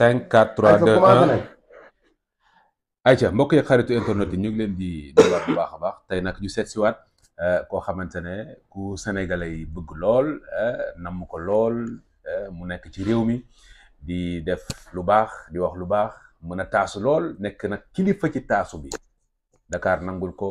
5 4 3 mbokk yi xaritu internet yi ñu ngi leen di nuyuwaat bu baax a baax tey nag yu seet siwaat euh, koo xamante ne ku sénégalais yi bëgg lool euh, namm ko lool euh, mu nekk ci réew mi di def lu baax di wax lu baax mën a taasu lool nekk nag kilifa ci taasu bi Dakar nangul ko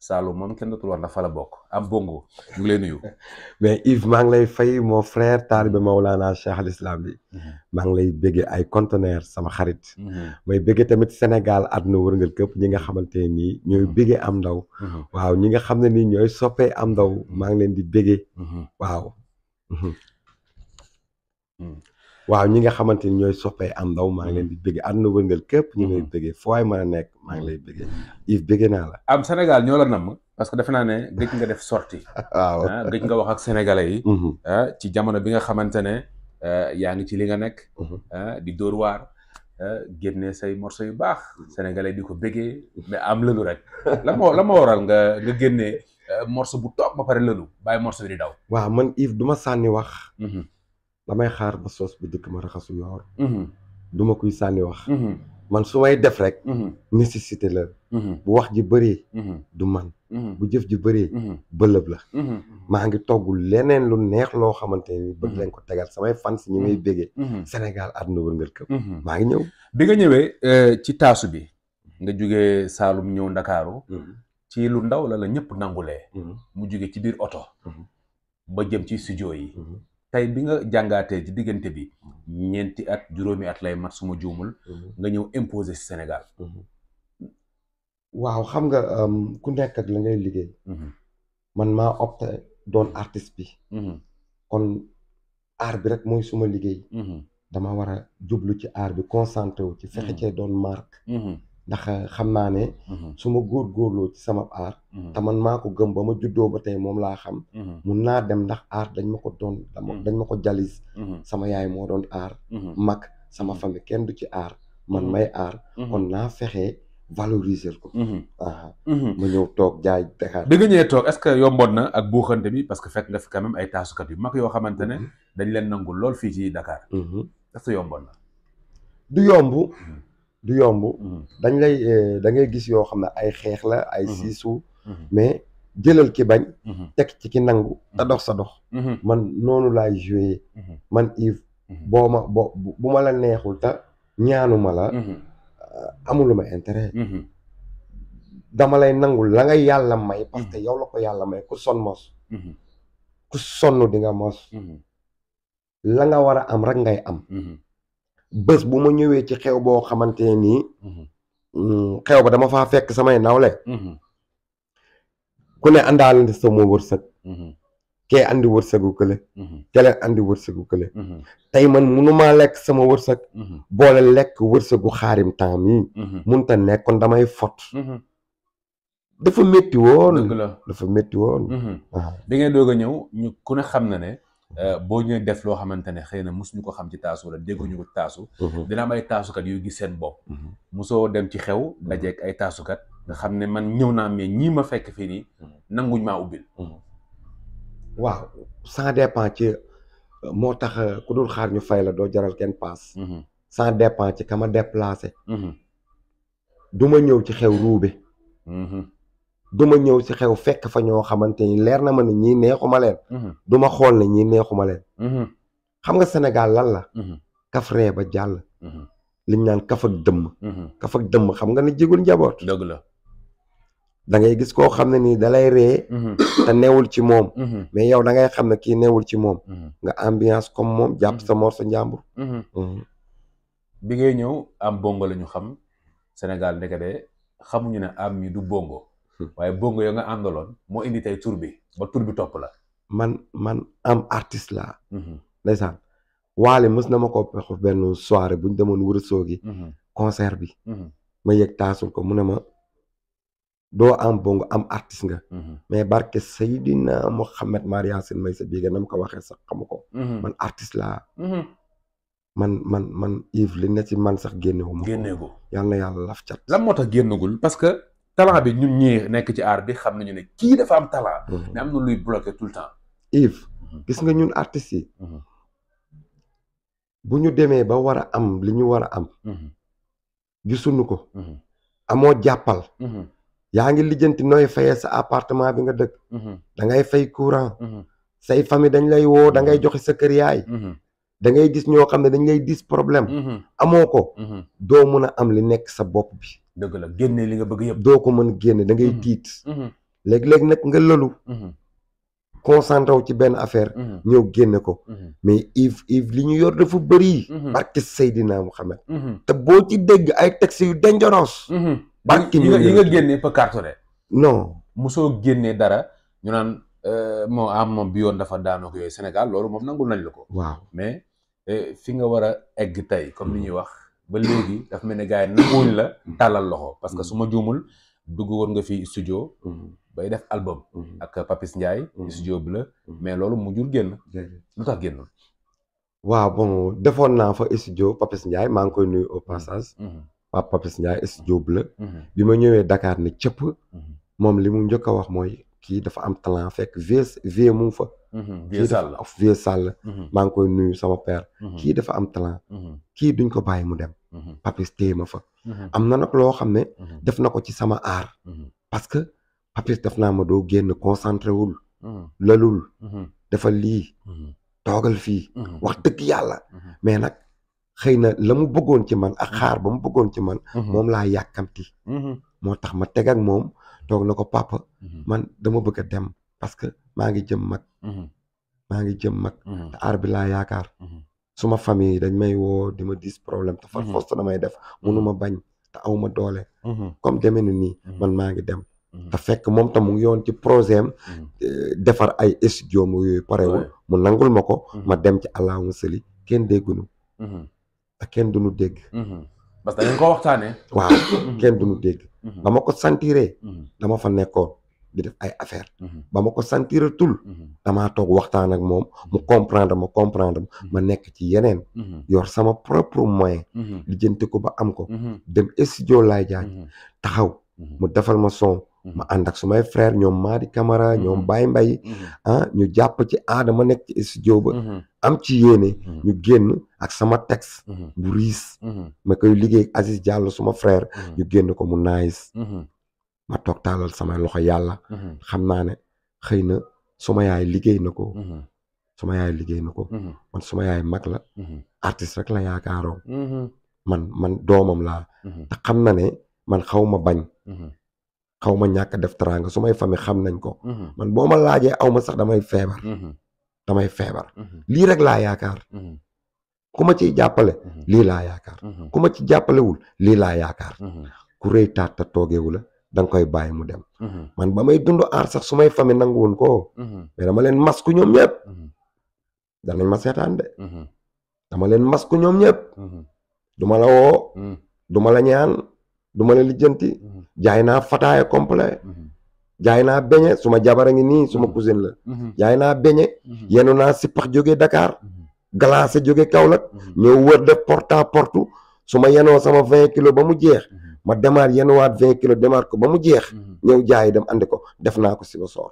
Saalum moom kenn dootul wax na fa bokk am bongo ñu ngi lay nuyu. mais Yves maa ngi lay fay mon frère taalibe mm-hmm. Maulana Cheikh al Islam bi. Mm-hmm. maa ngi lay bëggee ay conteneur sama xarit. Mm-hmm. may bëggee tamit Sénégal àdduna wërngal këpp ñi nga xamante ne nii ñooy bëggee am ndaw. waaw ñi nga xam ne nii ñooy soppee am ndaw maa ngi leen di bëggee. waaw. waaw ñi nga xamante ni ñooy soppee am ndaw maa ngi leen mm-hmm. di bëggee na wëngal képp ñu ngi lay mm-hmm. bëggee foo ay mën a nekk maa ngi lay mm-hmm. bëggee Yves bëggee naa la am Sénégal ñoo la namm parce que defe ne gëj nga def sortie waaw ah, nga wax ak sénégalais yi ah, ci jamono bi nga xamante ne ah, yaa ngi ci li nga nekk di dóor waar génne say morceau yu baax sénégalais di ko bëggee mais am lëlu rek la ma la ma waral nga nga génne morceau bu toog ba pare lëlu bàyyi morceau bi di daw waaw man Yves du sànni wax damay xaar ba soos bi dëkk ma raxasu yoor mhm. du ma kuy sànni wax mhm. man su may def rek mhm. nécessité la bu wax ji bëree du man bu jëf ji bëree bëlëb la maa ngi toggul leneen lu neex loo xamante ni bëgg lañ ko tegal samay fans ñi may béggee Sénégal àdduna wërngal këpp maa ngi ñëw bi nga ñëwee euh, ci taasu bi nga jóge Saalum ñëw Ndakaaru ci lu ndaw la la ñëpp nangulee mu jóge ci biir oto ba jëm ci studio yi tey bi nga jàngaatee ci diggante bi ñeenti at juróomi at lay mat suma juumul mhm. nga ñëw imposer Sénégal mhm. waaw xam nga ku nekk ak la ngay liggéey mhm. man maa opté doon artiste bi kon art bi rek mooy suma liggéey dama war a jublu ci aar bi concentré wu ci fexe cee doon marque ndax xam naa ne mhm. su ma góorgóorloo ci sama aar mhm. te maa ko gëm ba ma juddoo ba tey moom laa xam mhm. mun naa dem ndax aar dañ ma ko doon dañ ma ko jalis sama yaay moo doon aar mag sama famille kenn du ci aar man may aar kon naa fexe valoriser ko waaw ma ñëw toog jaay Dakar da nga ñëwee toog est-ce que yomboon na ak buuxante bi parce que fekk nga fi quand ay taasukat yu mag yoo xamante ne dañ leen nangu lool fii ci Dakar est yomboon na du yomb du yomb mm-hmm. dañ lay eh, da ngay gis yoo xam ne ay xeex la ay mm-hmm. siisu mm-hmm. mais jëlal ki bañ teg ci ki nangu te dox sa dox man noonu laay joué man Yves boo ma bo bu ma la neexul te ñaanuma la eh, amuluma intérêt dama lay nangul la nga yàlla may parce que yow la ko yàlla may ku son mos ku sonn di nga mos la nga war a am rek ngay am bés bu ma ñëwee ci xew boo xamante ne nii mhm. mm, xew ba dama faa fekk samay nawle mhm. ku ne àndaalante sama wërsëg mhm. kee andi wërsëgu kële keleen andi wërsëgu kële tey man maa lekk sama wërsëg boole lekk wërsëgu xaarim temps yi munta nekk kon damay fot dafa métti woon dafa métti woon bi ngay doog a ñëw ku ne xam na ne Euh, boo ñëwee def loo xamante ne xëy na mosuñu ko xam ci taasu wala dégguñu ko ci taasu mhm. dina am ay taasukat yu gis seen bopp mhm. mosoo dem ci xew la mhm. dajeek ay taasukat nga xam ne man ñëw naa mais ñii ma fekk fii nii nanguñ maa ubbil waaw ça dépend ci moo tax euh, ku dul xaar ñu fay la doo jaral kenn paas ça dépend ci kama déplacé du ñëw ci xew ruube du ñëw si xew fekk fa ñoo xamante ni leer na ma ne ñii neexuma leen. Mhm. du ma xool na ñii neexuma leen. Mhm. xam nga senegal lan la. Mhm. kaf ree ba jàll. liñ naan kaf ak dëmm. kaf ak dëmm xam nga ne jigul njaboot. dëgg la da gis koo xam ne nii dalay ree. te neewul ci moom. mais yow da ngay xam ne kii neewul ci moom. nga ambiance comme moom jàpp sa mor sa njàmbur. bi ngay ñëw am bongo lañu ñu xam Sénégal ndekete xamuñu ne am mi du bongo. Hmm. waaye bongo ya nga àndaloon moo indi tey tur bi ba tur bi topp la. man man am artiste laa. Hmm. ndeysaan waale mës na ma ko pexe benn soirée bu ñu demoon Ourossogui. Hmm. concert bi. ma yëg taasul ko mu ne ma doo am bongo am artiste nga. mais barke Seydina Mohamed Maria Sine may sa biige na ma ko waxee sax xamu ko. man artiste laa. man man man Yves li ne ci man sax génne wu ko. génne ko yàlla yàlla laf cat. lan moo tax génnagul talent bi ñun ñi nekk ci art bi xam nañu ne kii dafa am talent. Mhm. mais am na luy bloqué tout le temps. Yves mhm. gis nga ñun artistes yi. Mhm. bu ñu demee ba war a am li ñu war a am. gisuñu ko. amoo jàppal. yaa ngi lijjanti nooy fayee sa appartement bi nga dëkk. dangay fay courant. say famille dañ lay woo da ngay joxe sa kër yaay. da ngay gis ñoo xam ne dañ ngay dis problème. amoo ko. doo mun a am li nekk sa bopp bi. dëgg la génne li nga bëgg yëpp. doo ko mën génne da ngay mhm. tiit. Mhm. léeg-léeg nag nga lëlu. Mhm. concentré wu ci benn affaire. ñëw génne ko. mais Yves Yves li ñu yor dafa bëri. barke Seydina Muhammad. te boo ci dégg ay textes yu dangereux. barke ñu yi nga génne peut cartonner. non mosoo génnee dara ñu naan euh, moo am ah, moom bi yoon dafa daanoo ko yooyu Sénégal loolu moom nangul nañ la ko. waaw mais euh, fi nga war a egg tey comme li ñuy wax. ba léegi dafa mel ne gars yi nanguwuñ la tàllal loxo parce que mm. su ma juumul dugg woon nga fi studio mm. bay def album mm. ak Papis Ndiaye studio bleu mais loolu mu mujjul génn lu tax génnul waaw bon defoon naa fa studio Papis Ndiaye maa ngi koy nuy au passage mm-hmm. Pape Papis Ndiaye studio bleu mm-hmm. bi ma ñëwee Dakar ni cëpp mm-hmm. moom li mu njëkk a wax mooy kii dafa am talent fekk vie vie fa. vie sàll vie sàll. maa ngi koy nuyu sama père. Mhm. kii dafa am talent. Mhm. kii duñ ko bàyyi mu dem. Mhm. Papis téye ma fa. am na nag loo xam ne. def na ko ci sama aar. parce que Papis def naa ma doo génn concentré wul. lalul. dafa lii. toogal fii. wax dëgg yàlla. mais nag xëy na la mu bëggoon ci man ak xaar ba mu bëggoon ci man. moom laa yàkkamti. moo tax ma teg ak moom. toog na ko papa. Mhm. man dama bëgg a dem parce que maa ngi jëm mag. Mhm. maa ngi jëm mag. Mhm. te aar bi laa yaakaar. suma famille dañ may woo di ma dis problème te far fosta damay def ma bañ te aw doole. comme demee na nii man maa ngi dem. te fekk moom tam mu ngi yoon ci projet defar ay studio mu yooyu parewul mu nangul ma ko. ma dem ci alaawu seli kenn déggunu. te kenn duñu dégg. parce que dañ ko waxtaanee. waaw kenn duñu dégg. Mhm. ba ma ko sentiree. Mhm. dama fa nekkoon di def ay affaire mhm. ba ma ko sentiree tul. damaa toog waxtaan ak moom mu comprendre ma comprendre ma nekk ci yeneen. yor sama propre moyen. lijjanti ko ba am ko. dem studio laay jaaj mu defal ma son. ma ànd ak sumay frère ñoom Madi Camara mhm. ñoom bay mbay mhm. ah, ñu jàpp ci aadama nekk ci studio mhm. am ci yéene ñu génn ak sama texte bu ma koy liggéey Aziz Diallo suma frère ñu génn ko mu nice ma toog taalal sama loxo yàlla xam naa ne xëy na suma yaay liggéey na ko suma yaay liggéey na ko man suma yaay mag la artiste rek la man doomam laa te xam na ne man xaw ma bañ xaw ma ñàkk def teraanga su may famille xam nañ ko. Mhm. man boo ma laajee aw ma sax damay feebar. Mhm. damay feebar. Mhm. lii rek laa yaakaar. ku ma ci jàppale. lii laa yaakaar. ku ma ci jàppalewul lii laa taat ta toogeewu la danga koy bàyyi mu dem. man ba may dund aar sax su may famille nangu woon koo. mais dama leen masku ñoom ñëpp. danañ ma seetaan de. dama leen masku ñoom ñëpp. du ma la woo. du ma la ñaan. du ma la lijjanti mhm. jaay naa fataaya complet mhm. jaay naa beñe suma jabar a ngi nii suma mhm. cousine la jaay naa beñe yenu naa sippax jóge dakaar glacé jóge Kaolack ñëw wër def porte à porte yenoo sama vingt kilos ba mu jeex ma demaar yenuwaat vingt kilo demaat ko ba mu jeex ñëw jaayi dem andi ko def naa ko si ba soor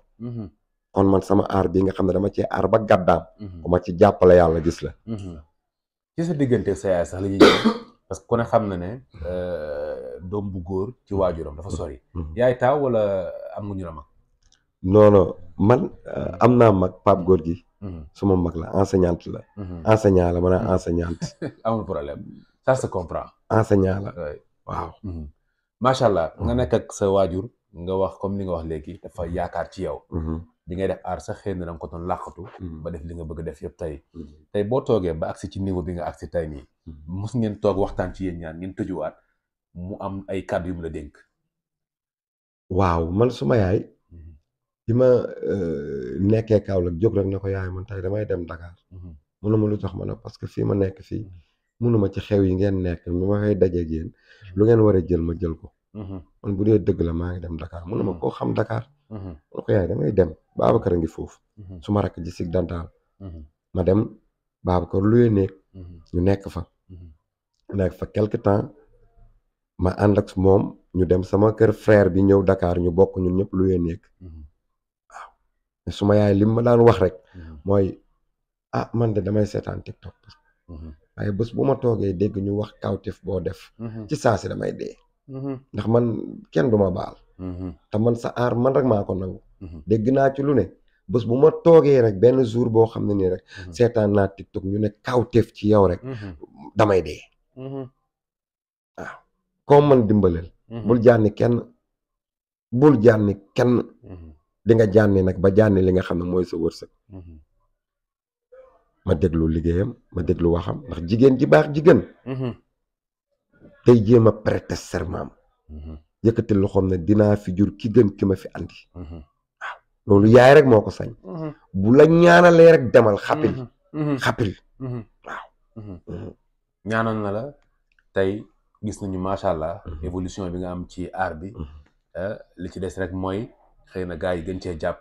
kon man sama aar bi nga xam ne dama cee aar ba gàddaam ku ma ci jàppale yàlla gis la ci sax parce que ku ne xam na ne euh, doom bu góor ci mm-hmm. waajuram dafa sori. Mm-hmm. yaay taaw wala am nga ñu la mag. non non man mm-hmm. am naa mag Pape góor gi. suma mag la enseignante la. enseignant la ma ne enseignante. amul problème ça se comprend. enseignant la waaw. allah nga nekk sa waajur nga wax comme ni nga wax léegi dafa yaakaar ci yow. li ngay def aar sax xëy na da ko doon làqatu mm-hmm. ba def li nga bëgg def yëpp tey mm-hmm. tey boo toogee ba agsi ci niveau bi nga agsi tey nii mm-hmm. mos ngeen toog waxtaan ci yéen ñaan ngeen tëjuwaat mu am ay kàdd yu la dénk waaw man suma yaay bi ma euh, nekkee Kaolack jóg rek na ko yaay man tey damay dem Dakar munuma lu tax ma ne parce que fii ma nekk fii munuma ci xew yi ngeen nekk mi ma fay lu ngeen war a jël ma jël ko man bu dee dëgg la maa ngi dem Dakar munuma koo xam dakaar mun ko yaay damay dem Babacar a ngi foofu. Mhm. su ma rakk ji sig dantaal. Mhm. ma dem Babacar luye néeg. Mhm. ñu nekk fa. nekk fa quelque temps ma ànd ak moom ñu dem sama kër frère bi ñëw Dakar ñu bokk ñun ñëpp luye néeg. waaw mais su ma yaay lim ma daan wax rek. mooy ah man de damay seetaan TikTok. waaye bés bu ma toogee dégg ñu wax kawtif boo def. ci saa si damay dee. ndax man kenn du ma baal. Mhm. te man sa aar man rek maa ko nangu. Mhm. dégg naa ci lu ne bés bu ma toogee rek benn jour boo xam ne nii rek. Mhm. seetaan naa TikTok ñu ne kawteef ci yow rek. damay dee. waaw man dimbaleel. bul jànni kenn bul jànni kenn. di nga jànni nag ba jànni li nga xam ne mooy sa wërsëg. ma déglu liggéeyam ma déglu waxam ndax jigéen ji baax jigéen. tey jéem a prêter serment. yëkkati loxoom ne dinaa fi jur ki gën ki ma fi andi. Mhm. waaw loolu yaay rek moo ko sañ. Mhm. bu la ñaanalee rek demal xappil. Mhm. xappil waaw. ñaanal na la tey gis nañu macha allah évolution bi nga am ci aar bi eh, li ci des rek mooy xëy na gars yi gën cee jàpp.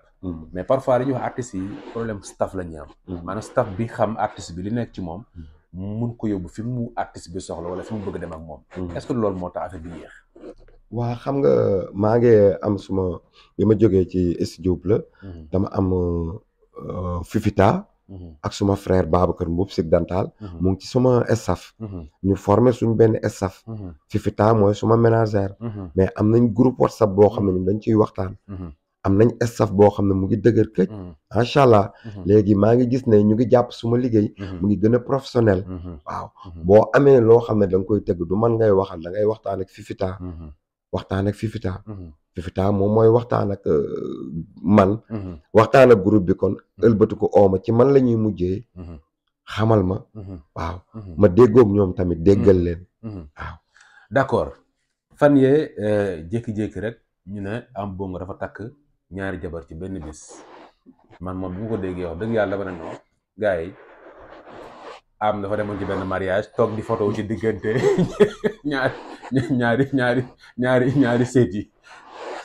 mais parfois li ñuy wax artistes yi problème staff la ñuy am. maanaam staff bi xam artiste bi li nekk ci moom. mun ko yóbbu fi mu artiste bi soxla wala fi mu bëgg dem ak moom. est-ce que loolu moo tax affaire bi yéex. waa xam nga maa ngi am suma bi ma jógee ci studio la mhm. dama am euh, Fifita mhm. ak suma frère Babacar kër Sig Dantal mhm. mu ngi ci suma staff ñu formé suñu benn staff Fifita mooy suma ménagère mais am nañ group WhatsApp boo xam ne ñun dañ ciy waxtaan am nañ staff boo xam ne mu ngi dëgër këj macha allah léegi maa ngi gis ne ñu ngi jàpp suma liggéey mu ngi gën a professionnel waaw boo amee loo xam ne da nga koy tëgg du man ngay waxal da ngay waxtaan ak Fifita waxtaan ak Fifita. Mhm. Fifita moom mooy waxtaan ak euh, man. Mhm. waxtaan ak groupe bi kon. Mhm. ëlbatu ko ooma ci man la ñuy mujjee. xamal ma. waaw ma déggoog ñoom tamit déggal leen. waaw d'accord fan yee euh, jékki-jékki rek ñu ne am bongo dafa takk ñaari jabar ci benn bis man moom bu ma ko déggee wax dëgg yàlla dama ne non gars am dafa demoon ci benn mariage toog di photo ci diggante ñaari ñaari ñaari ñaari ñaari seet yi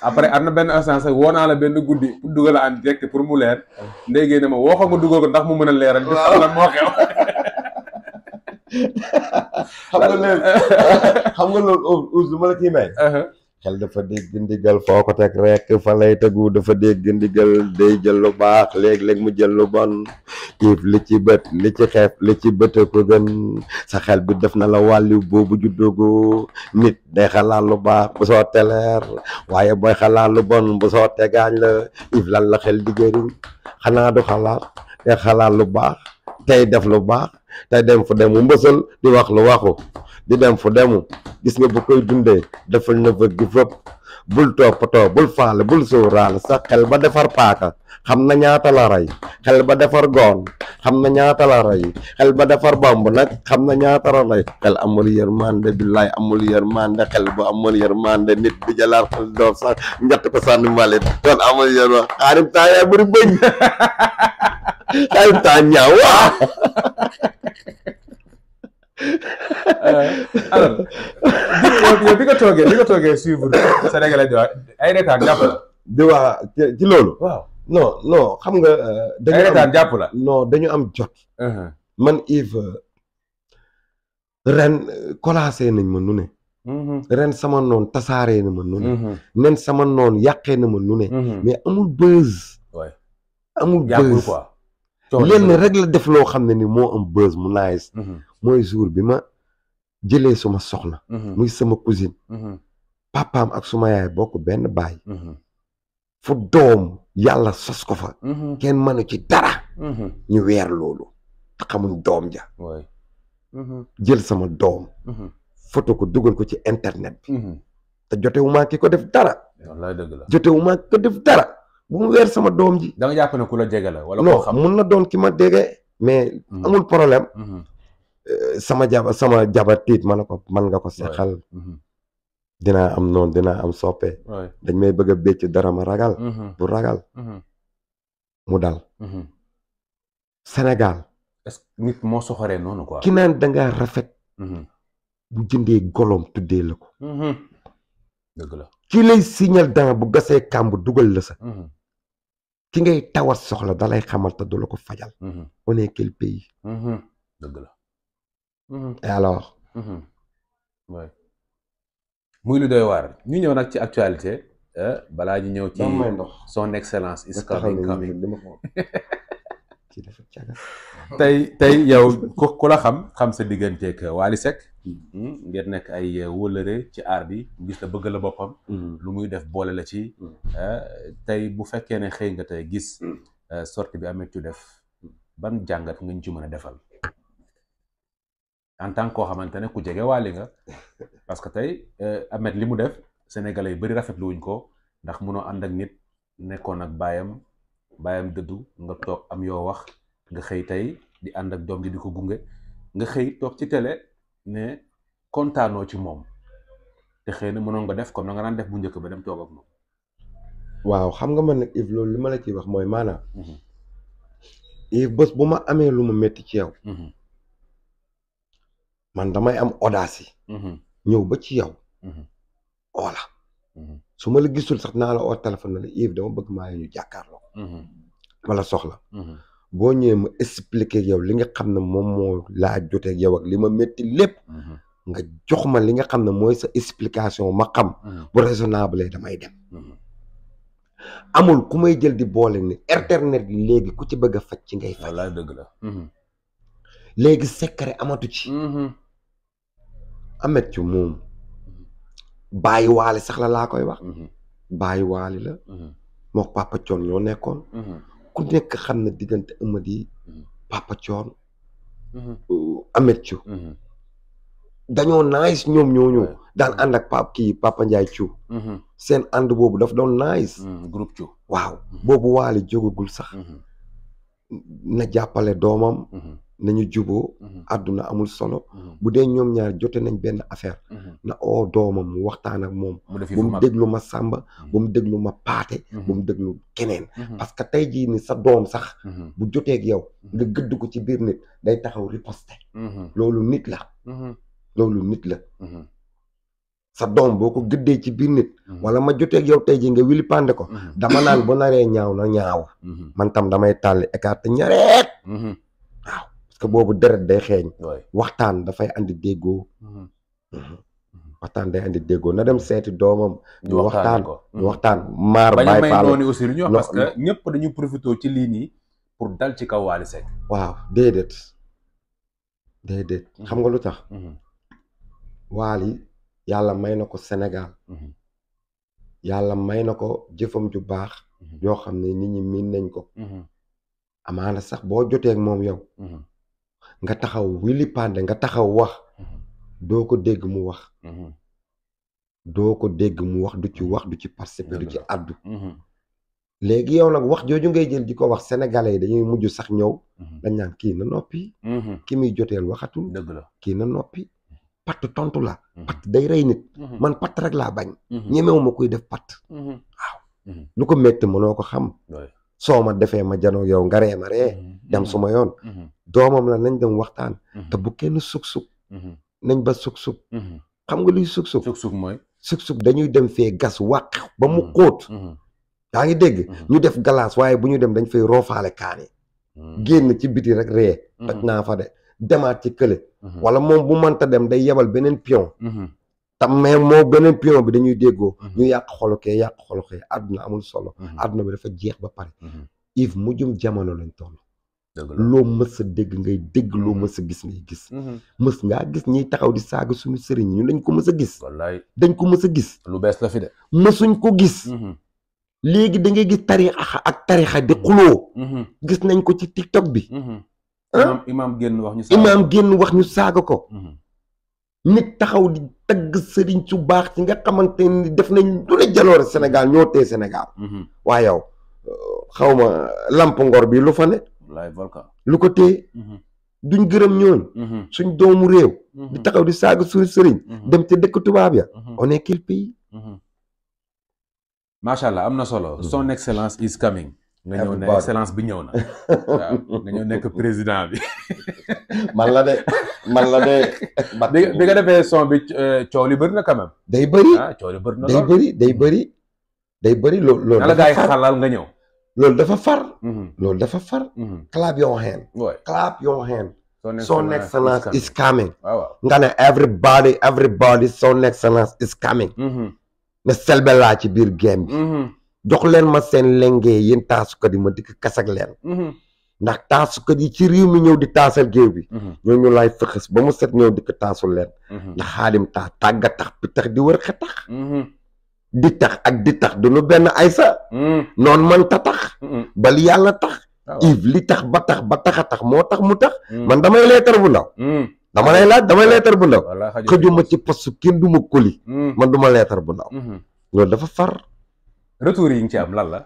après am na benn instance woo naa la benn guddi pour dugal en direct pour mu leer ndéygée ne ma woo ko nga ko ndax mu mën a leeral di xam moo xew xam nga loolu xam nga ma la ciy may uh-huh. xel dafa dégg ndigal foo ko teg rek fa lay tegu dafa dégg ndigal day jël lu baax léegi léeg mu jël lu bon kiif li ci bët li ci xeeb li ci bët ko gën sa xel bi def na la wàllu boobu juddogo nit day xalaat lu baax bu soo teleer waaye booy xalaat lu bon bu soo tegaañ la if lan la xel di jëriñ xanaa du xalaat te xalaat lu baax tey def lu baax tey dem fu dem mu mbësal di wax lu waxu di dem fu demu gis nga bu koy dundee defal na vëg gi fëpp bul toppatoo bul faale bul sóoraale sax xel ba defar paaka xam na ñaata la rey ba defar goon xam na ñaata la rey xel ba defar bomb nag xam na ñaata la rey xel amul yërmande billaay amul yërmande xel bu amul yërmande nit bi jëlaat xel doom sax njëtt ko sànni mbalit kon amul yërmande xaarim taa taa ñaaw waa Eh, alors yow bi nga toogee bi loolu. waaw non non xam nga. Euh, dañu ay retaan dañu am jot. Uh-huh. man Yves ren euh, kolaasee nañ ma nu ne. Mm-hmm. ren sama noon tasaaree na ma nu mm-hmm. nen sama noon yàqee na ma nu ne. Mm-hmm. mais amul buzz. amul buzz yàqul def loo xam ne ni moo am buzz mu nice. mooy jour bi ma jëlee suma soxna. Mhm. muy sama cousine. Mhm. papaam ak suma yaay bokk benn baay. Mhm. fu doom yàlla sos ko fa. kenn mënu ci dara. ñu weer loolu te xamuñ doom ja. jël sama doom. foto ko dugal ko ci internet bi. te jotewuma ki ko def dara. wallaay dëgg la jotewuma ki ko def dara. bu mu weer sama doom ji. da nga ne ku la jege wala. koo xam non mun na doon ki ma déggee mais amul problème. sama jaba sama jabar tiit ma ne ko man nga ko seqal mhm. dinaa am noonu dinaa am soppe dañ may bëgg a bécc dara ma ragal mhm. bu ragal mhm. mu dal senegal est-ce que moo soxoree noonu quoi ki naan dangaa rafet bu jëndee golom tuddee la ko dëgg la ki danga bu gasee kàmb dugal la sa ki ngay tawat soxla dalay xamal te du ko fajal on est quel Mhm. et alors. Mhm. oui muy lu doy waar ñu ñëw nag ci actualité balaa ñu ñëw ci. son excellence is coming coming tey tey yow ku ku la xam xam sa digganteeg Wally Seck mhm. hmm, ngeen nekk ay wóllëre ci aar bi gis la boppam lu muy def boole la ci eh, tey bu fekkee ne xëy nga tey gis eh, sortie bi Ameth def ban jàngat nga ñu ci mën a defal en tant koo xamante ne ku jege waale nga parce que tey eh, Ameth li mu def sénégalais yu bëri rafetlu wuñ ko ndax mënoo ànd ak nit nekkoon ak baayam baayam dëddu nga toog am yoo wax nga xëy tey di ànd ak doom ji di ko gunge nga xëy toog ci télé ne kontaanoo ci moom te xëy na mënoo nga def comme na nga daan def bu njëkk ba dem toog ak waaw xam nga man nag Yves loolu li ma la ciy wax mooy maanaam. Mhm. Yves bu ma amee lu ma métti ci yow. Mhm. man damay am audace yi mhm. ñëw ba ci yow oola mhm. mhm. su ma la gisul sax naa la oo téléphone na la Yves dama bëgg maa ñu jàkkaarloo ma la soxla boo ñëwee ma expliqué yow li nga xam ne moom moo laa jotee yow ak li ma metti lépp nga jox ma li nga xam ne mooy sa explication ma xam bu raisonnable damay dem amul ku may jël di boole ni internet yi léegi ku ci bëgg a faj ci ngay faj. dëgg la léegi secret amatu ci amet ci moom bàyyi waali sax la laa koy wax mhm. bàyyi waali la mhm. moo papa coon ñoo nekkoon mhm. ku nekk xam na diggante ëmat yi papa coon amet ci dañoo nice ñoom ñooñu daan ànd ak pap kii papa Ndiaye Thiou seen ànd boobu daf doon nice groupe Thiou waaw boobu waali jógagul sax na jàppale doomam nañu juboo mhm. àdduna amul solo mhm. bu dee ñoom ñaar jote nañ benn affaire mhm. na oo doomam mu waxtaan ak moom bu mu déglu ma sàmba bu mu déglu ma paate bu mu déglu keneen parce que tey jii ni sa doom sax bu jotee ak yow nga gëdd ko ci biir nit day taxaw riposte loolu nit la loolu nit la sa doom boo ko gëddee ci biir nit wala ma joteeg yow tey jii nga wili pande ko dama naan bu naree ñaaw na ñaaw man tam damay tàlli écarté ñareet boobu deret day xeeñ. waxtaan dafay andi déggoo. Mhm. Mhm. Mhm. waxtaan day andi déggoo na dem seeti doomam. ñu waxtaan ñu waxtaan maar baay faal parce que ñëpp dañu profité ci lii nii pour dal ci kaw Wally Seck. waaw déedéet déedéet. xam nga lu tax. Wally yàlla may na ko Sénégal. yàlla may na ko jëfam ju baax. yoo xam ne nit ñi miin nañ ko. amaana sax boo jotee ak moom yow. nga taxaw wili pande nga taxaw wax mm-hmm. doo ko dégg mu wax mm-hmm. doo ko dégg mu wax du ci mm-hmm. wax du ci participer du ci addu léegi yow nag wax jooju ngay jël di ko wax sénégalais yi dañuy mujj sax ñëw dañ naan kii na noppi ki muy joteel waxatul dëgg kii na noppi patt tontu la patt day rey nit man patt rek laa bañ ñemewuma kuy def patt waaw lu ko métti mënoo ko xam soo ma defee ma jano yow nga ree ma ree mhm. Mhm. dem su yoon mhm. doomam la nañ dem waxtaan te bu kenn sug suk nañ ba sug-sug xam nga luy sug-sug sug-sug mooy sug-sug dañuy dem fee gas wàq ba mu xóot yaa ngi dégg ñu def galaas waaye bu ñu dem dañ fay roofaale kaani génn ci biti rek ree toj naa fa de demaat ci kële wala moom bu mënta dem day yebal beneen pion tam mais moo beneen pion bi dañuy déggoo mhm. ñu yàq xolokee yàq xolokee àdduna amul solo mhm. àdduna bi dafa jeex ba pare mhm. Yves mujjum jamono lañ toll loo mës a dégg ngay dégg loo mës a gis ngay gis mës ngaa gis ñiy taxaw di saaga suñu sëriñ ñu dañ ko mës a gis wallaay dañ ko mës a gis lu bees la fi de mësuñ ko gis léegi da ngay gis tarixa ak tarixa di xuloo gis nañ ko ci tiktok bi imaam génn wax ñu saaga ko nit taxaw di tagg sëriñ su baax ci nga xamante ni def nañ du jaloore Sénégal ñoo tee Sénégal. Mhm. waaye yow xaw ma lamp ngor bi lu fa ne. lu ko téye. Mhm. duñ gërëm ñooñ mhm. suñ doomu réew. di taxaw di saaga suñu sëriñ. dem ca dëkk tubaab ya. on est quel allah am na solo. son excellence is coming. nga ñëw ne excellence bi ñëw na waaw nekk président bi. man la de man la de. bi nga defee son bi euh, coow li bëri na quand même. day bëri ah coow li bëri na day bëri day bëri day bëri loolu. dafa far xalal nga ñëw. loolu dafa far. Mm-hmm. loolu dafa far. Mm-hmm. clap your hand. clap your hand. son excellence is coming. Ah, nga ne everybody everybody son excellence is coming. Mm-hmm. ne Selbé laa ci biir game bi. jox leen ma seen lengee yéen taasukat di ma dikk kasak leen mhm. ndax taasukat yi ci réew mi ñëw di taasal géew bi mhm. ñooñu laay fëxës ba mu set ñëw dikk taasul leen mhm. ndax xaadim tax tàgga tax bi tax di wër xe tax di tax ak di tax du nu benn ay sa noon man ta tax bal yàlla tax ah, li tax ba tax ba taxa tax moo tax mu tax man damay leetar bu ndaw dama lay laaj damay leetar bu ndaw ma ci postu kenn du ma koli man du ma leetar bu ndaw loolu dafa far retours yi nga ci am lan la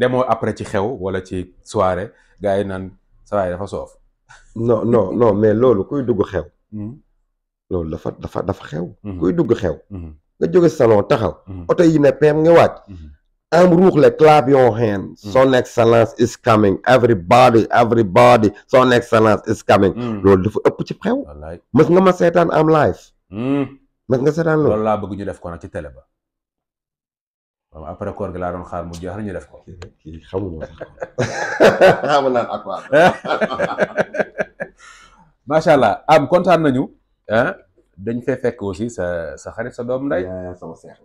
demoo après ci xew wala ci soirée gars yi naan sa dafa soof. non non non mais loolu kuy dugg xew. Hmm. loolu dafa dafa dafa xew. Hmm. kuy dugg xew. Hmm. nga jóge salon taxaw. oto yi ne PM nga waaj. am ruux le clap your hands. son excellence is coming everybody everybody son excellence is coming. loolu dafa ëpp ci xew. wallaay mës nga ma seetaan am live. mës nga seetaan loolu. laa bëgg ñu def ko nag ci télé ba. waaw après koor gi laa doon xaar mu jeex ñu def ko. kii xamuma sax allah am kontaan nañu. dañ fee fekk aussi sa sa xarit sa doom nday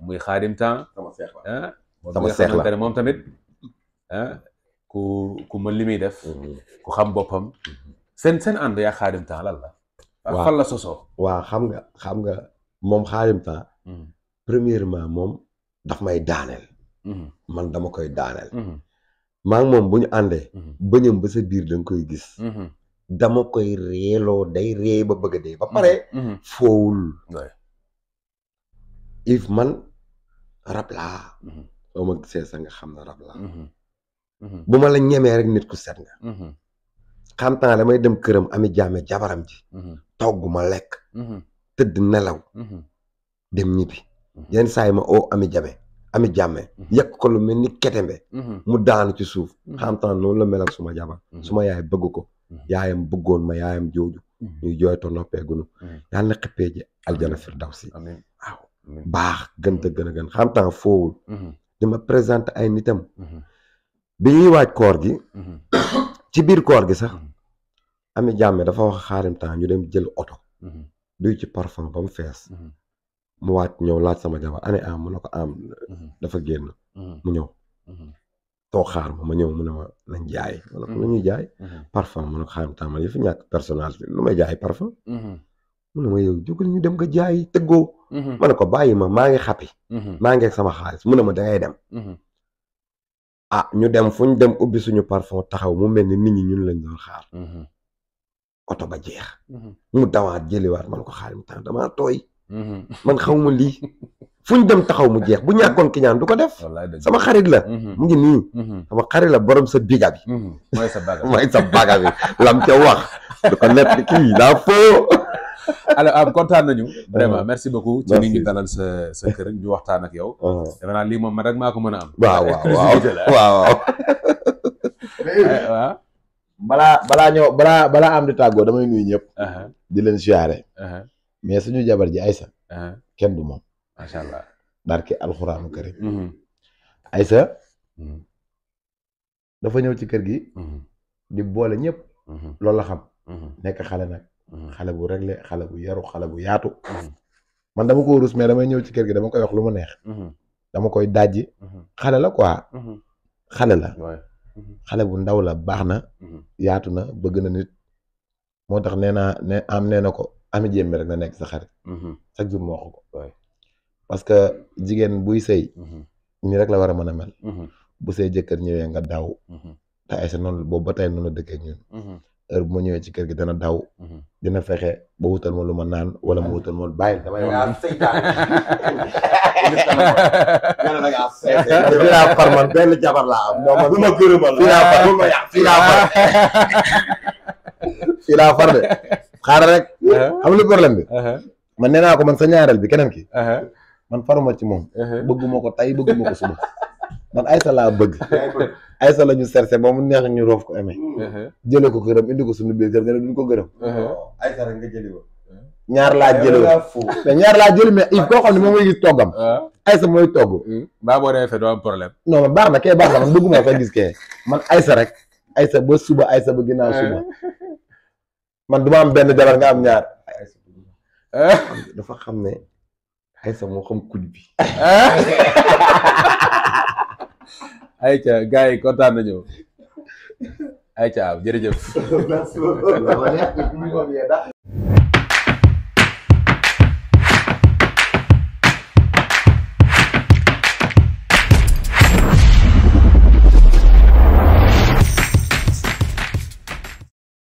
muy xaadim temps. sama seex moom tamit ah ku ku li muy def. Mm-hmm. ku xam boppam. Mm-hmm. seen seen ànd yaa xaadim temps lan la. ak fan la xam nga xam nga moom xaadim temps. Mm-hmm. premièrement moom. daf may daaneel. Mhm. man dama koy daaneel. Mhm. maa moom bu ñu àndee. Mhm. bëñam biir da nga koy gis. dama koy reeloo day ree ba bëgg a dee. ba pare. foowul. if man rab laa. xam ne bu ma la ñemee rek nit ku set nga. xam may damay dem këram ami jaame jabaram ji. togg ma lekk. tëdd nelaw. dem ñibbi. Mm-hmm. yenn saa yi ma oo ami jabe ami jàmme mm-hmm. yekk ko lu mel ni ketembe mm-hmm. mu daanu ci suuf xamtaan noonu la mel ak suma jabar suma yaay bëgg ko yaayam bëggoon ma yaayam jooju ñuy jooytoo noppeegunu yàlla na xippee ji aljana firdawsi waaw baax gën te gën a gën xamtaan foowul di ma présenté ay nitam bi ñuy waaj koor gi ci biir koor gi sax ami jàmme dafa wax xaarim temps ñu dem jël oto duy ci parfum ba fees mu waat ñëw laaj sama jabar ane am mu ne ko am mhm. dafa génn mhm. mu ñëw mhm. toog xaar ma ma ñëw mu ne ma nañ jaay wala ko nañuy jaay parfum mu ne ko xaaram fi ñàkk personnage bi lu may jaay parfum mu ne ma yow ñu dem nga jaay tëggoo ma ne ko bàyyi ma maa ngi xapi maa ngi ak sama xaalis mu ne ma dangay dem ah ñu dem fu dem ubbi suñu parfum taxaw mu mel ni nit ñi ñun lañ doon xaar oto ba jeex mu dawaat jëliwaat man ko xaarim temps damaa tooy Mhm. man xaw ma lii fu ñu dem taxaw mu jeex bu ñàkkoon kiñaan du ko def. sama xarit la. Mhm. mu ngi nii. Mhm. sama xarit la borom sa biga bi. mooy sa baga mooy sa baga bi lam ca wax du ko nekk kii daa foo. alors am kontaan nañu. vraiment merci beaucoup. ci ni ñu dalal sa sa kër ñu waxtaan ak yow. defe lii moom man rek maa ko mën a am. waaw eh, balaa balaa balaa balaa am di tàggoo damay nuyu ñëpp. Uh-huh. di leen siyaare. Uh-huh. mais suñu jabar ji Aysa kenn du moom macha allah barke alxuraanu karim mhm. Aysa mhm. dafa ñëw ci kër gi mhm. di boole ñëpp loolu la xam nekk xale nag xale bu réglé xale bu yaru xale bu yaatu man dama ko rus mais damay ñëw ci kër gi dama koy wax lu mu neex dama koy dajji xale la quoi xale la xale bu ndaw la baax na yaatu na bëgg na nit moo tax nee naa ne am nee na ko ami jéem rek na nekk sa xarit. Mm-hmm. chaque jour moo ko ko. parce que jigéen buy sëy mm-hmm. nii rek la war a mën a mel. Mm-hmm. bu say jëkkër ñëwee nga daw. te ay sa noonu boobu ba tey noonu la dëkkee ñun. heure ñëwee ci kër gi dana daw. dina fexe ba wutal ma lu ma naan wala ma wutal ma bàyyi damay wax. far man benn jabar laa am. moom fii laa far fii laa far de. xaaral rek. am lu problème bi. man nee naa ko man sa ñaareel bi keneen ki. man faruma ci moom. bëgguma ko tey bëgguma ko suba. man Aïssa laa bëgg. Aïssa la ñu serse ba mu neex ñu roof ko amee. jëlee ko gërëm indi ko suñu biir kër nga ko gërëm. Aïssa rek nga jëli ko. ñaar laa jëloo ñaar laa jëli mais il koo xam ne moom mooy gis toggam. Ah. Aïssa mooy togg. Hmm. mbaa boo doo problème. non man baax na kee baax na man gis kee man Aïssa rek Aïssa ba suba Aïssa ba ginnaaw suba. Ah. man du am benn jabar nga am ñaar. dafa xam ne Aïssa moo xam kuñ bi. ayca ca yi kontaan nañu ayca jërëjëf.